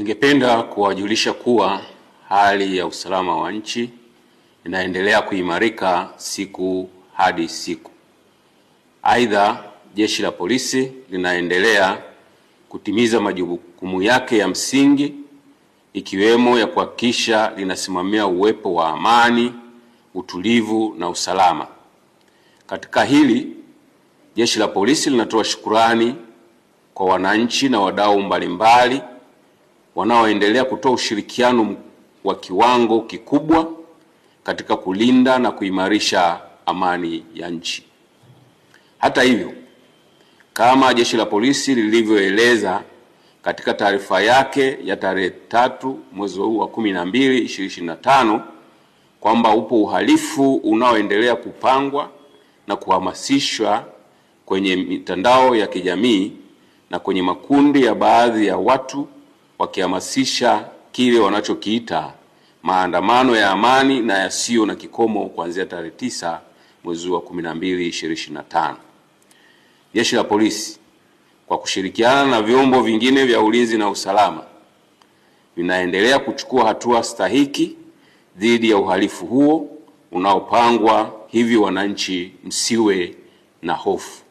Ningependa kuwajulisha kuwa hali ya usalama wa nchi inaendelea kuimarika siku hadi siku. Aidha, jeshi la polisi linaendelea kutimiza majukumu yake ya msingi ikiwemo ya kuhakikisha linasimamia uwepo wa amani, utulivu na usalama. Katika hili, jeshi la polisi linatoa shukurani kwa wananchi na wadau mbalimbali wanaoendelea kutoa ushirikiano wa kiwango kikubwa katika kulinda na kuimarisha amani ya nchi. Hata hivyo, kama Jeshi la Polisi lilivyoeleza katika taarifa yake ya tarehe tatu mwezi huu wa 12 2025 kwamba upo uhalifu unaoendelea kupangwa na kuhamasishwa kwenye mitandao ya kijamii na kwenye makundi ya baadhi ya watu wakihamasisha kile wanachokiita maandamano ya amani na yasiyo na kikomo kuanzia tarehe tisa mwezi wa 12 2025. Jeshi la Polisi kwa kushirikiana na vyombo vingine vya ulinzi na usalama vinaendelea kuchukua hatua stahiki dhidi ya uhalifu huo unaopangwa, hivi wananchi msiwe na hofu.